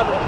Thiago.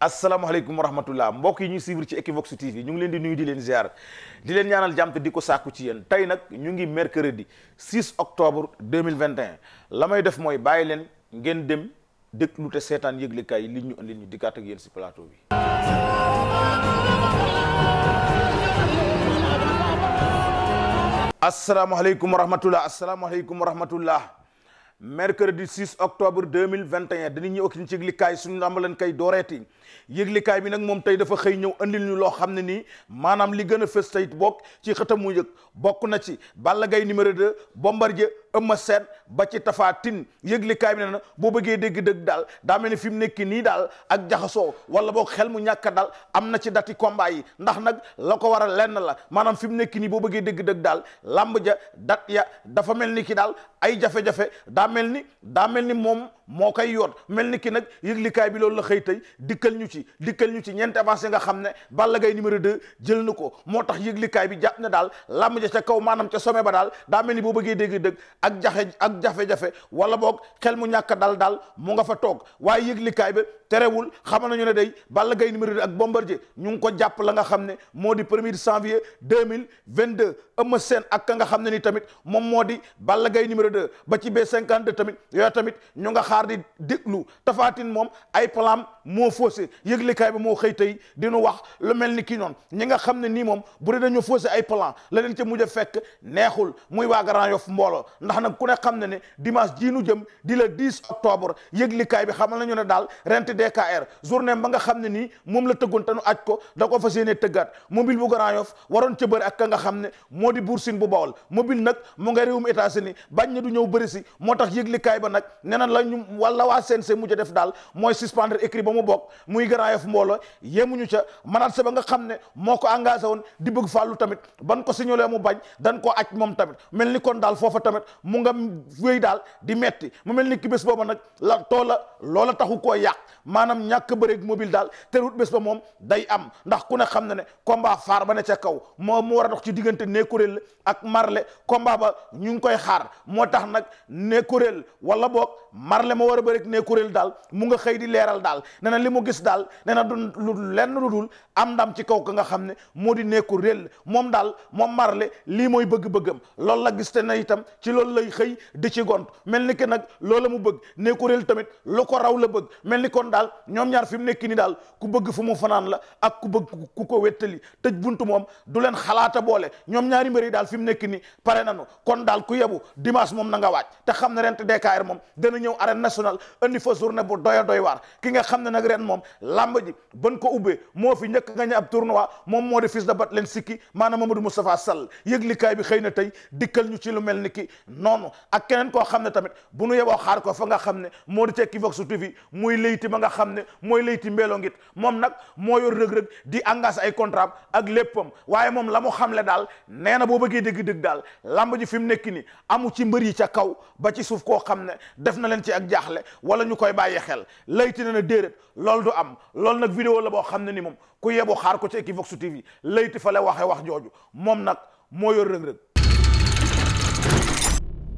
asalaamaaleykum wa rahmatullah mbokk yi ñuy suivre ci Equivox TV ñu ngi leen di nuyu di leen ziar di leen ñaanal jàmm te di ko sàkku ci yéen tey nag ñu ngi mercredi 6 octobre 2021 la may def mooy bàyyi leen ngeen dem déglu te seetaan yëglekaay yi li ñu indi ñu dikkaat ak yéen si plateau bi. asalaamaaleykum wa rahmatullah asalaamaaleykum wa rahmatullah mercredi 6 octobre 2021 dañu ñëw ak ci yëglikaay suñu làmb leen kay dooreeti yëglikaay bi nag moom tey dafa xëy ñëw andil ñu loo xam ne nii maanaam li gën a fës tey bokk ci xëtam mu yëg bokk na ci ball gay Gaye de bombar Bombardier Eumeu Sène ba ci Tapha Tine yëglikaay bi ne boo bëggee dégg-dëgg daal daa mel ni fi mu nekk nii daal ak jaxasoo wala boog xel mu ñàkk daal am na ci dati combat yi ndax nag la ko war a lenn la maanaam fi mu nekk nii boo bëggee dégg-dëgg daal lamb ja dat ya dafa mel ni ki daal ay jafe daa mel ni daa mel ni moom moo koy yoot mel ni ki nag yëglikaay bi loolu la xëy tey dikkal ñu ci dikkal ñu ci ñeenti nga xam ne Balla Gaye numéro 2 jël ko moo tax yëglikaay bi ja ca kaw maanaam ak jafe ak jafe-jafe wala boog xel mu ñàkk dal dal mu nga fa toog waaye yëglikaay bi terewul xamal nañu ne day ball gay numéro 2 ak Bombardier ñu ngi ko jàpp nga xam ne moo di premier janvier deux mille vingt deux Eumeu Sène ak ka nga xam ne nii tamit moom moo di ball gay numéro 2 ba ci B52 tamit yooyu tamit ñu nga xaar di déglu tafaatin moom ay plan moo faussé yëglikaay bi moo xëy tey dinu wax lu mel ni kii noonu ñi nga xam ne nii moom bu dee dañoo faussé ay plan la leen ci mujj a fekk neexul muy waa Grand Yoff mbooloo ndax nag ku ne xam ne ne dimanche jii nu jëm di le 10 octobre yëglikaay bi xamal nañu ne daal DKR journée ba nga xam ne nii moom la tëggoon te nu aj ko da ko fas yéene tëggaat mobile bu Grand Yoff waroon ca bëri ak ka nga xam ne moo di Buur Sine bu Bawol mobile nag mu nga réewum États-Unis bañ ne du ñëw bëri si moo tax yëglikaay ba nag nee na la ñu wala waa CNC mujj def daal mooy suspendre écrit ba mu bokk muy Grand Yoff mbooloo yemuñu ca manaat sa ba nga xam ne moo ko engagé woon di bëgg allu tamit ban ko si signalé mu bañ dan ko aj moom tamit mel ni kon daal foofa tamit mu nga wéy daal di metti mu mel ni ki bés booba nag la loola taxu koo yàq maanaam ñàkk bëreeg mobile daal terewut bés ba moom day am ndax ku ne xam na ne komba faar ba ne ca kaw moo mu war a dox ci diggante Nékoréel ak marle combat ba ñu ngi koy xaar moo tax nag Nékoréel wala boog marle ma war a bëreeg Nékoréel daal mu nga xëy di leeral daal nee na li mu gis daal nee du lu lenn lu dul am ndam ci kaw ka nga xam ne moo di Nékoréel moom daal moom marle lii mooy bëgg-bëggam loolu la gis te na itam ci loolu lay xëy di ci gont mel ni que nag loola mu bëgg Nékoréel tamit lu ko raw la bëgg mel ni daal ñoom ñaar fi mu nekk ni daal ku bëgg fu mu fanaan la ak ku bëgg ku ko wettali tëj buntu moom du leen xalaata boole ñoom ñaari mbër yi daal fi mu nekk ni pare nañu kon daal ku yebu dimanche moom na nga waaj te xam ne ren te DKR moom a moom làmb ji ban ko ubbee moo fi njëkk nga ñu ab tournoi moom moo di fils de bat leen sikki maanaam Mamadou Moustapha Sall yëglikaay bi xëy na tey dikkal ñu ci lu mel ni noonu ak keneen koo xam ne tamit bu nu yeboo nga xam ne mooy layti mbeeloo ngit moom nag moo yor rëg-rëg di engagé ay contrat ak léppam waaye moom la mu xamle daal nee na boo bëggee dëgg-dëgg daal lamb ji fi mu nekk ni amu ci mbër yi ca kaw ba ci suuf koo xam ne def na leen ci ak jaaxle wala ñu koy bàyyi xel layti na na déedéet loolu du am loolu nag vidéo la boo xam ne ni moom ku yebu xaar ko ci Equivox TV layti fa la waxee wax jooju moom nag moo yor rëg-rëg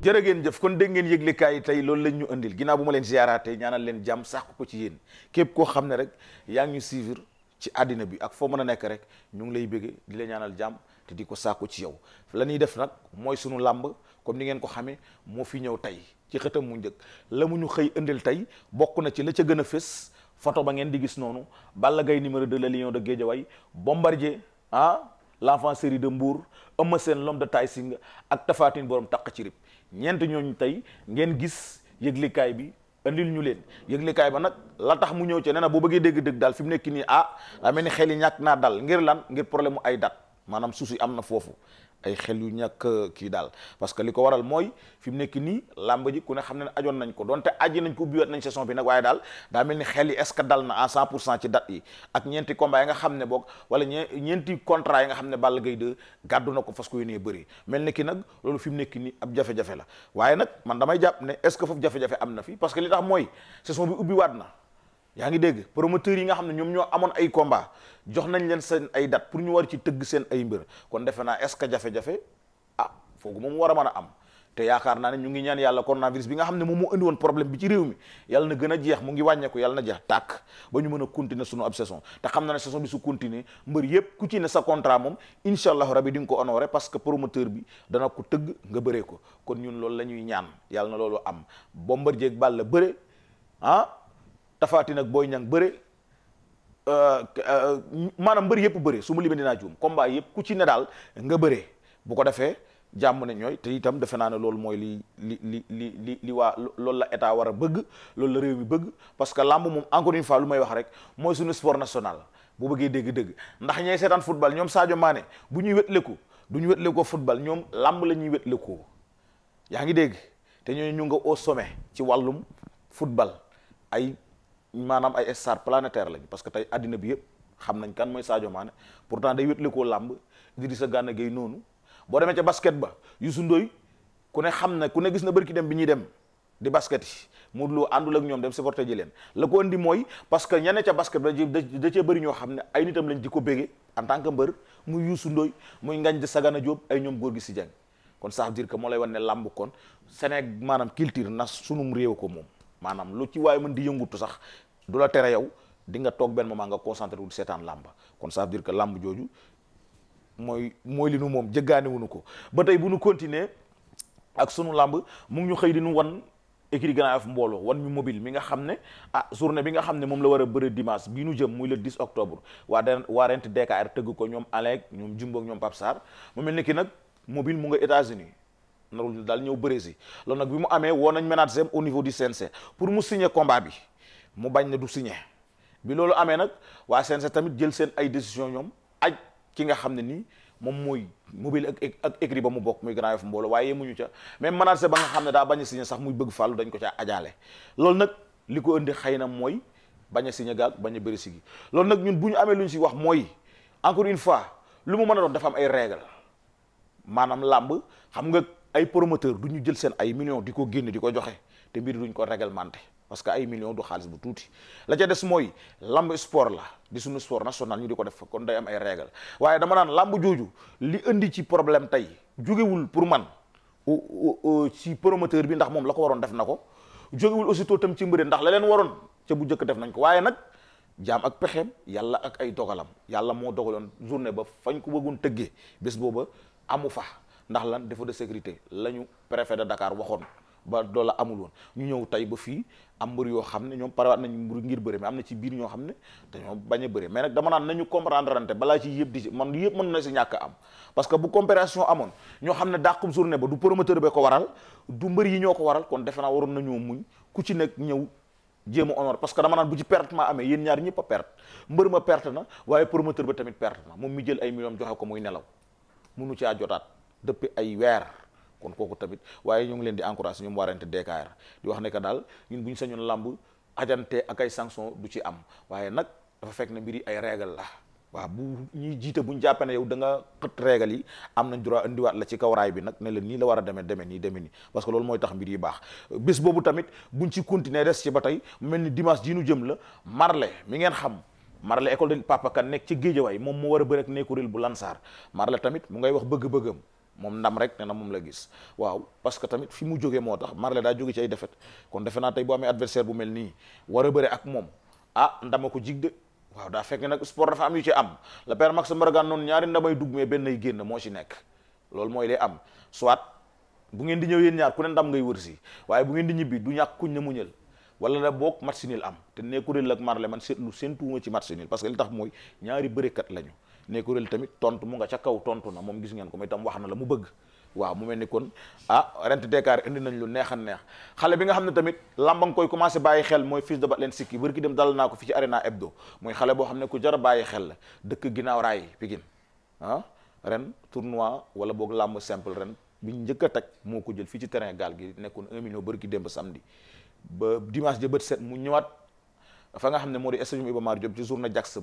jërë ngeen jëf kon dégg ngeen yëglekaay yi tey loolu lañ ñu andil ginnaaw bu ma leen ziaraatee ñaanal leen jàmm sàkku ko ci yéen képp koo xam ne rek yaa ngi ñu ci àddina bi ak foo mën a nekk rek ñu ngi lay bëgge di la ñaanal jàmm te di ko sàkku ci yow la ñuy def nag mooy sunu làmb comme ni ngeen ko xamee moo fi ñëw tey ci xëtam mu njëkk la mu ñu xëy andil tey bokk na ci la ca gën a fés photo ba ngeen di gis noonu Balla Gaye numéro 2 le lion de Guédiawaye Bombardier ah l'enfant série de Mbour Eumeu Sène l'homme de Taïsinga ak Tapha Tine borom taq ci rib ñeent ñooñu tey ngeen gis yëglikaay bi andil ñu leen yëglikaay ba nag la tax mu ñëw ci nee na boo bëggee dégg-dëgg daal fi mu nekk nii a ah, daa mel ni xel ñàkk naa dal ngir lan ngir problème mu ay dat maanaam suuf am na foofu ay xel yu ñàkk euh, kii daal parce que li ko waral mooy fi mu nekk nii làmb ji ku ne xam ne ne ajoon nañ ko donte aji nañ ko ubbiwaat nañ saison bi nag waaye daal daa mel ni xel yi est que dal na à 100 pour cent ci date yi ne boog wala ñe contrat yi nga xam ne Balla Gaye 2 gàddu na ko fas ko yéenee bëri mel ni ki nag loolu fi mu nekk ab jafe la waaye nag man damay jàpp ne est ce que foofu jafe-jafe am na fi parce que li tax mooy saison bi ubbiwaat na yaa ngi dégg promoteurs yi nga xam ne ñoom ñoo amoon ay combat jox nañ leen seen ay date pour ñu war ci tëgg seen ay mbër kon defe naa est que jafe-jafe ah foogu moom war a mën a am te yaakaar naa ne ñu ngi ñaan yàlla coronavirus bi nga xam ne moom moo indi woon problème bi ci réew mi yàlla na gën a jeex mu ngi wàññeeku yàlla na jeex tàkk ba ñu mën a continuer sunu ab saison te xam na ne saison bi su continuer mbër yépp ku ci ne sa contrat moom incha allahu rabi di nga ko honoré parce que promoteur bi dana ko tëgg nga bëree ko kon ñun loolu la ñaan yàlla na loolu am Bombardier ak Balla bëre ah Tafatin ak Boy Niang bëre euh, maanaam mbër yëpp bëre su ma limee naa juum combat yëpp ku ci ne daal nga bëre bu ko defee jàmm ne ñooy te itam defe naa ne loolu mooy li li li li li li waa loolu la état war a bëgg loolu la réew mi bëgg parce que làmb moom encore une fois lu may wax rek mooy suñu sport national bu bëggee dégg-dégg ndax ñay seetaan football ñoom saajo maane bu ñuy wétleku du ñu wétlekoo football ñoom làmb la ñuy wétlekoo yaa ngi dégg te ñooñu ñu nga ci wàllum football maanaam ay star planétaire lañu parce que tey addina bi yëpp xam nañ kan mooy Sadio Mané pourtant day wétlikoo làmb Idrissa Gana Gueye noonu boo demee ca basket ba Youssou Ndoye ku ne xam na ku ne gis na bërki dem bi ñuy dem di basket yi Modou Lo àndul ak ñoom dem supporter ji leen la ko indi mooy parce que ñene ca basket ba da cee bëri ñoo xam ne ay nitam lañ di ko bége en tant que mbër muy Youssou Ndoye muy Ngagne Sagana Diop ay ñoom góor gi si jàng kon ça veut dire que moo lay wan ne làmb kon Sénégal maanaam culture na sunum réew ko moom maanaam lu ci waay mën di yëngutu sax du la tere yow di nga toog benn moment nga concentré wu di seetaan làmb kon ça veut dire que làmb jooju mooy mooy li nu moom jëggaane wuñu ko ba tey bu nu continuer ak sunu làmb mu ngi ñu xëy di nu wan écrit Grand Yoff mbooloo wan ñu mobile mi nga xam ne ah journée bi nga xam ne moom la war a bëre dimanche bii nu jëm muy le 10 octobre waa den waa rent DKR tëgg ko ñoom Alec ñoom Jumbo ñoom Pape Sarr mu mel ni ki nag mobile mu nga narul ñu daal ñëw bëree loolu nag bi mu amee woo nañ manager au niveau du CNC pour mu signer combat bi ne bi loolu amee nag waa CNC tamit jël seen ay décision ñoom aj ki nga xam ne nii moom mooy mobile ak ak écrit ba mu bokk muy Grand Yoff mbooloo waaye yemuñu ca même manager ba nga xam ne daa bañ a signer sax muy bëgg fàllu dañ ca ajaale loolu nag li ko indi xëy na mooy bañ a signer bañ bëri si loolu nag ñun bu ñu amee lu ñu si wax mooy encore une fois lu mu mën a doon dafa am ay règle maanaam làmb xam nga ay promoteur du ñu jël seen ay millions di ko génne di ko joxe te mbir duñ ko réglementé parce que ay millions du xaalis bu tuuti la ca des mooy lamb sport la di suñu sport national ñu di ko def kon day am ay règle waaye dama naan lamb jooju li indi ci problème tey jógewul pour man ci promoteur bi ndax moom la ko waroon def na ko jógewul aussitôt tam ci mbëre ndax la leen waroon ca bu njëkk def nañ ko waaye nag jaam ak pexeem yàlla ak ay dogalam yàlla moo dogaloon journée ba fañ ko bëggoon tëggee bés booba amu fa ndax lan défaut de sécurité la ñu préfet de Dakar waxoon ba loola amul woon ñu ñëw tey ba fii am mbër yoo xam ne ñoom parewaat nañu mbër ngir bëre mais am na ci biir ñoo xam ne dañoo bañ a bëre mais nag nañu comprendre rante balaa ci yëpp man yëpp mën na si ñàkk am parce que bu comparaison amoon ñoo xam ne dàqum journée ba du promoteur ba ko waral du mbër yi ñoo ko waral kon defe naa waroon nañoo muñ ku ci nekk ñëw jéem a honor parce que dama naan bu ci perte ma amee yéen ñaar ñëpp a perte mbër ma perte na waaye promoteur ba tamit perte na moom mi jël ay millions joxe ko muy nelaw munu caa jotaat depuis ay weer kon kooku tamit waaye ñu ngi leen di encouragé ñoom waarante DKR di wax ne que daal ñun bu ñu sañoon làmb ajante ak ay sanction du ci am waaye nag dafa fekk ne mbir yi ay regal la waaw bu ñuy jiite bu ñu jàppee ne yow da nga xët règle yi am nañ droit indiwaat la ci kaw raay bi nag ne la nii la war a demee deme nii demee nii parce que loolu mooy tax mbir yi baax bés boobu tamit buñ ci continuer des ci ba tey mel ni dimanche ji nu jëm la marle mi ngeen xam marle école de Papa Kane nekk ci géejawaay moom moo war a bëre ak nekkuréel bu Lansar marle tamit mu ngay wax bëgg-bëggam moom ndam rek ne na moom la gis waaw parce que tamit fi mu jógee moo tax Marley daa jóge ci ay defet kon defe naa tey boo amee adversaire bu mel nii war a bëre ak moom ah ndama ko jig de waaw daa fekk nag sport dafa am yu ci am le père Max Mbargane noonu ñaari ndamay dugg mais benn moo ci nekk loolu mooy lay am soit bu ngeen di ñëw yéen ñaar ku ne ndam ngay wër si waaye bu ngeen di ñibbi du ñàkk kuñ na muñal wala la boog match nul am te nekku nekkuréel ak Marley man seetlu seen tuuma ci match nul parce que li tax mooy ñaari bërekat lañu ne kuréel tamit tontu mu nga ca kaw tontu na moom gis ngeen ko mooy tam wax na la mu bëgg waaw mu mel ni kon ah rent Dakar indi nañ lu neex a neex xale bi nga xam ne tamit lamba nga koy commencé bàyyi xel mooy fils de Batlenski bari ki dem dalal naa ko fi ci Arena Hebdo mooy xale boo xam ne ku jara a bàyyi xel la dëkk ginnaaw raay Pikine ah ren tournoi wala boog làmb simple ren bi njëkk a teg moo ko jël fi ci terrain gaal gi nekkoon 1 million bari ki démb samedi ba dimanche ja bët fa nga xam ne moo di stadium Iba Mar Diop ci journée Jaks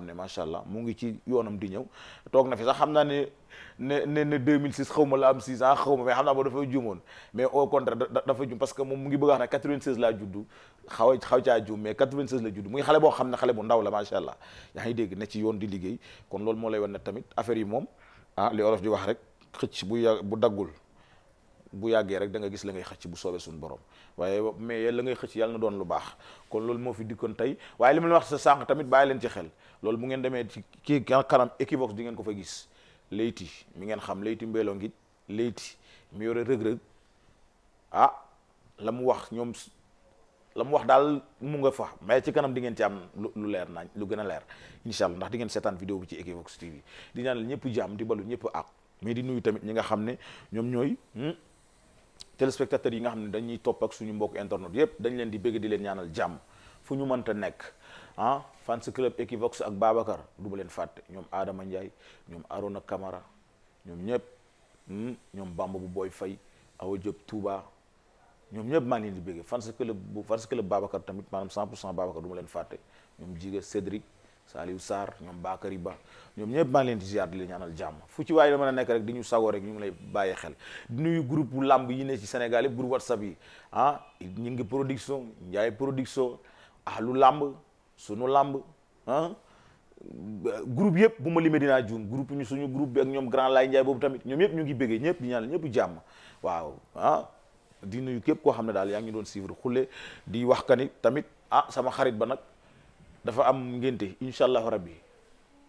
ne macha allah mu ngi ci yoonam di ñëw toog na fi sax xam naa ne ne ne xaw ma la am xaw ma mais xam naa ba dafa juumoon mais au contraire dafa juum parce que moom mu ngi bëgg a wax ne 96 laa juddu xaw xaw caa juum mais 96 la juddu xale boo xam ne xale bu la macha allah yaa ngi dégg ne ci yoon di liggéey kon loolu moo lay wan ne tamit affaire yi moom ah li olof di wax rek xëcc bu ya bu daggul. bu yàggee rek da nga gis la ngay xëcc bu soobee suñu borom waaye mais la ngay xëcc yàlla na doon lu baax kon loolu moo fi dikkoon tey waaye li ma wax sa sànq tamit bàyyi leen ci xel loolu bu ngeen demee ci kii kanam Equivox di ngeen ko fa gis Leyti mi ngeen xam Leyti Mbelo ngi Leyti mu yore rëg-rëg ah la mu wax ñoom la mu wax daal mu nga fa mais ci kanam di ngeen ci am lu leer nañ lu gën a leer incha allah ndax di ngeen seetaan vidéo bi ci Equivox TV di ñaanal ñëpp jàmm di balu ñëpp ak mais di tamit ñi nga xam ne ñoom ñooy hmm? téléspectateurs yi nga xam ne dañuy topp ak suñu mbokk internet yépp dañ leen di bëgg di leen ñaanal jàmm fu ñu mënta nekk ah fans club Equivox ak Babacar du leen fàtte ñoom Adama Ndiaye ñoom Arona kamara ñoom ñëpp hmm, ñoom Bamba bu booy Faye Awa Diop Touba ñoom ñëpp maa ngi leen di bëgg fans club bu fans club Babacar tamit maanaam 100 pour cent Babacar du leen fàtte ñoom Jiga Cédric Saliou saar ñoom Bakary Ba ñoom ñëpp maa ngi leen di ziar di leen ñaanal jàmm fu ci waaye la a nekk rek di ñu sagoo rek ñu ngi lay bàyyi xel di nuyu groupe làmb yi ne ci Sénégal yëpp groupe WhatsApp ah, ñu ngi production Ndiaye production ahlu làmb sunu làmb ah groupe yëpp bu ma limee dinaa juum groupe ñu suñu groupe bi ak ñoom Grand Laye Ndiaye boobu tamit ñoom yëpp ñu ngi béggee ñëpp di ñaanal ñëpp jàmm waaw ah, di nuyu képp koo xam ne daal yaa ngi ñu doon suivre kule di wax ka ni tamit ah sama xarit ba nag dafa am ngénte incha allahu rabbi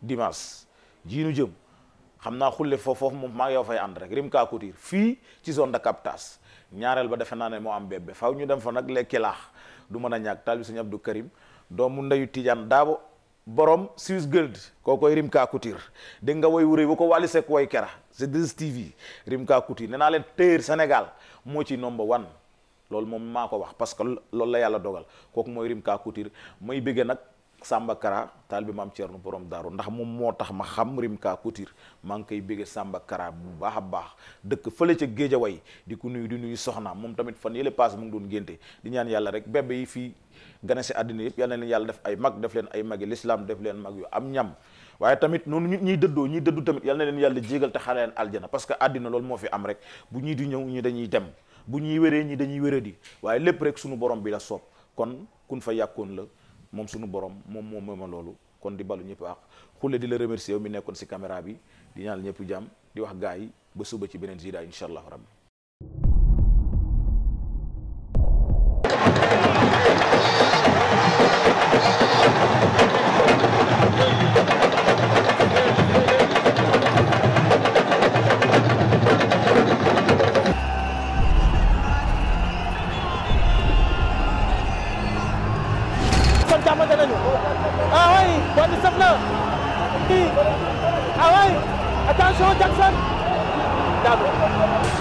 dimanche jii nu jëm xam naa xulle foofu foofu moom maa ngi fay ànd rek Rimka Couture fii ci zone de captage ñaareel ba defe naa ne moo am bébé faw ñu dem fa nag lekki laax du mën a ñàkk taal bi sëñ Abdou Karim doomu ndeyu Tidiane Daabo borom Suisse Gold kookoy Rimka Couture dégg nga woy wuré bu ko Wally Seck woy kera c'est 2STV Rimka Couture ne naa leen téer Sénégal moo ci number one loolu moom maa ko wax parce que loolu la yàlla dogal kooku mooy Rimka Couture may bëgg nag Samba Kara taalibe maam Thierno borom daaru ndax moom moo tax ma xam Rimka Couture maa ngi koy béggee Samba Kara bu baax a baax dëkk fële ca way di ko nuyu di nuyu soxna moom tamit fan yële paas mu ngi doon génte di ñaan yàlla rek bébé yi fii gane si àddina yëpp yàlla def ay mag def leen ay mag magi l'islam def leen mag yu am ñam waaye tamit noonu ñu ñuy dëddoo ñuy dëddu tamit yàlla leen yàlla jégal te xale leen aljana parce que àddina loolu moo fi am rek bu ñii di ñëw ñi dañuy dem bu ñuy wéree ñi dañuy wéré di waaye lépp rek sunu borom bi la soob kon kun fa yàkkoon la moom suñu borom moom moom mooma loolu kon di balu ñëpp ak xulle di la remercier yow mi nekkoon si caméra bi di ñaanal ñëpp jàmm di wax gars yi ba suba ci beneen zidaa incha allahu rabbi attention Jackson daanu